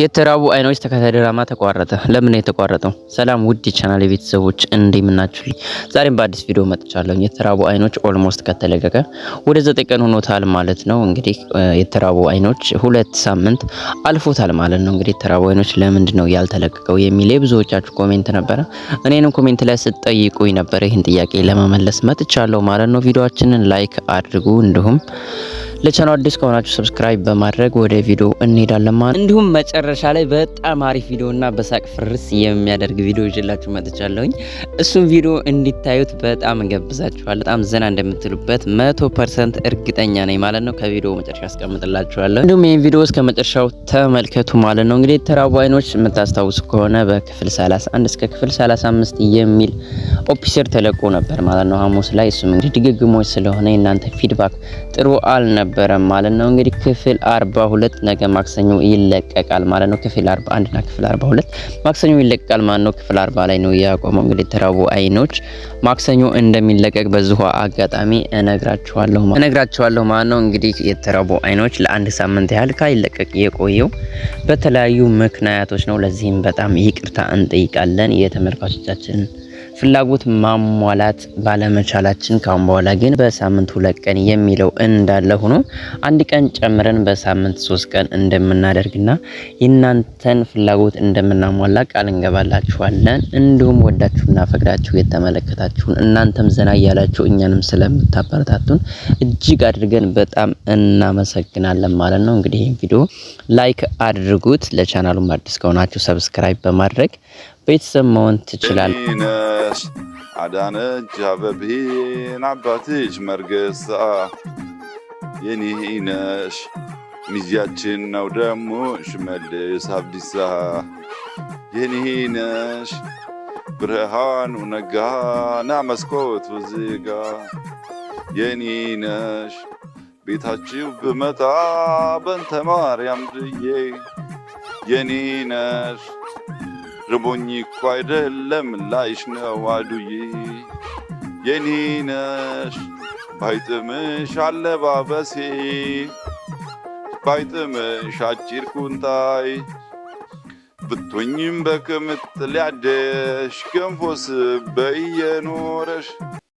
የተራቡ አይኖች ተከታይ ድራማ ተቋረጠ። ለምን ነው የተቋረጠው? ሰላም ውድ የቻናል የቤተሰቦች እንደምናችሁልኝ፣ ዛሬም በአዲስ ቪዲዮ መጥቻለሁ። የተራቡ አይኖች ኦልሞስት ከተለቀቀ ወደ ዘጠኝ ቀን ሆኖታል ማለት ነው። እንግዲህ የተራቡ አይኖች ሁለት ሳምንት አልፎታል ማለት ነው። እንግዲህ የተራቡ አይኖች ለምንድን ነው ያልተለቀቀው የሚል የብዙዎቻችሁ ኮሜንት ነበረ። እኔንም ኮሜንት ላይ ስትጠይቁኝ ነበረ። ይህን ጥያቄ ለመመለስ መጥቻለሁ ማለት ነው። ቪዲዮችንን ላይክ አድርጉ እንዲሁም ለቻናል አዲስ ከሆናችሁ ሰብስክራይብ በማድረግ ወደ ቪዲዮ እንሄዳለን ማለት እንዲሁም መጨረሻ ላይ በጣም አሪፍ ቪዲዮና በሳቅ ፍርስ የሚያደርግ ቪዲዮ ይዤላችሁ መጥቻለሁኝ። እሱን ቪዲዮ እንዲታዩት በጣም እንገብዛችኋል። በጣም ዘና እንደምትሉበት መቶ ፐርሰንት እርግጠኛ ነኝ ማለት ነው። ከቪዲዮ መጨረሻ አስቀምጥላችኋለሁ። እንዲሁም ይህን ቪዲዮ እስከ መጨረሻው ተመልከቱ ማለት ነው። እንግዲህ የተራቡ አይኖች የምታስታውሱ ከሆነ በክፍል 31 እስከ ክፍል 35 የሚል ኦፊሰር ተለቆ ነበር ማለት ነው ሐሙስ ላይ እሱም እንግዲህ ድግግሞች ስለሆነ የእናንተ ፊድባክ ጥሩ አልነበር ነበረ ማለት ነው። እንግዲህ ክፍል 42 ነገ ማክሰኞ ይለቀቃል ማለት ነው። ክፍል 41 እና ክፍል 42 ማክሰኞ ይለቀቃል ማለት ነው። ክፍል 40 ላይ ነው ያቆመው። እንግዲህ ተራቡ አይኖች ማክሰኞ እንደሚለቀቅ በዚሁ አጋጣሚ እነግራችኋለሁ እነግራችኋለሁ ማለት ነው። እንግዲህ የተራቡ አይኖች ለአንድ ሳምንት ያህል ካይለቀቅ የቆየው በተለያዩ ምክንያቶች ነው። ለዚህም በጣም ይቅርታ እንጠይቃለን የተመልካቾቻችን ፍላጎት ማሟላት ባለመቻላችን ካሁን በኋላ ግን በሳምንት ሁለት ቀን የሚለው እንዳለ ሆኖ አንድ ቀን ጨምረን በሳምንት ሶስት ቀን እንደምናደርግና የእናንተን ፍላጎት እንደምናሟላ ቃል እንገባላችኋለን። እንዲሁም ወዳችሁና ፈቅዳችሁ የተመለከታችሁን እናንተም ዘና እያላችሁ እኛንም ስለምታበረታቱን እጅግ አድርገን በጣም እናመሰግናለን ማለት ነው። እንግዲህ ይህም ቪዲዮ ላይክ አድርጉት። ለቻናሉም አዲስ ከሆናችሁ ሰብስክራይብ በማድረግ ቤተሰብ መሆን ትችላለህ። አዳነች አበቤን አባትሽ መርገሳ የኔነሽ ሚዜያችን ነው ደሞ ሽመልስ አብዲሳ የኔነሽ ብርሃኑ ነጋና መስኮቱ ዝጋ የኔነሽ ቤታችሁ ብመጣ በንተ ማርያም ድዬ የኔነሽ ርቦኝ እኮ አይደለም ላይሽ ነው አዱዬ ባይጥምሽ አለባበሴ ባይጥምሽ አጭር ኩንታይ ብቶኝም በክምጥ ሊያደሽ ገንፎስ በየኖረሽ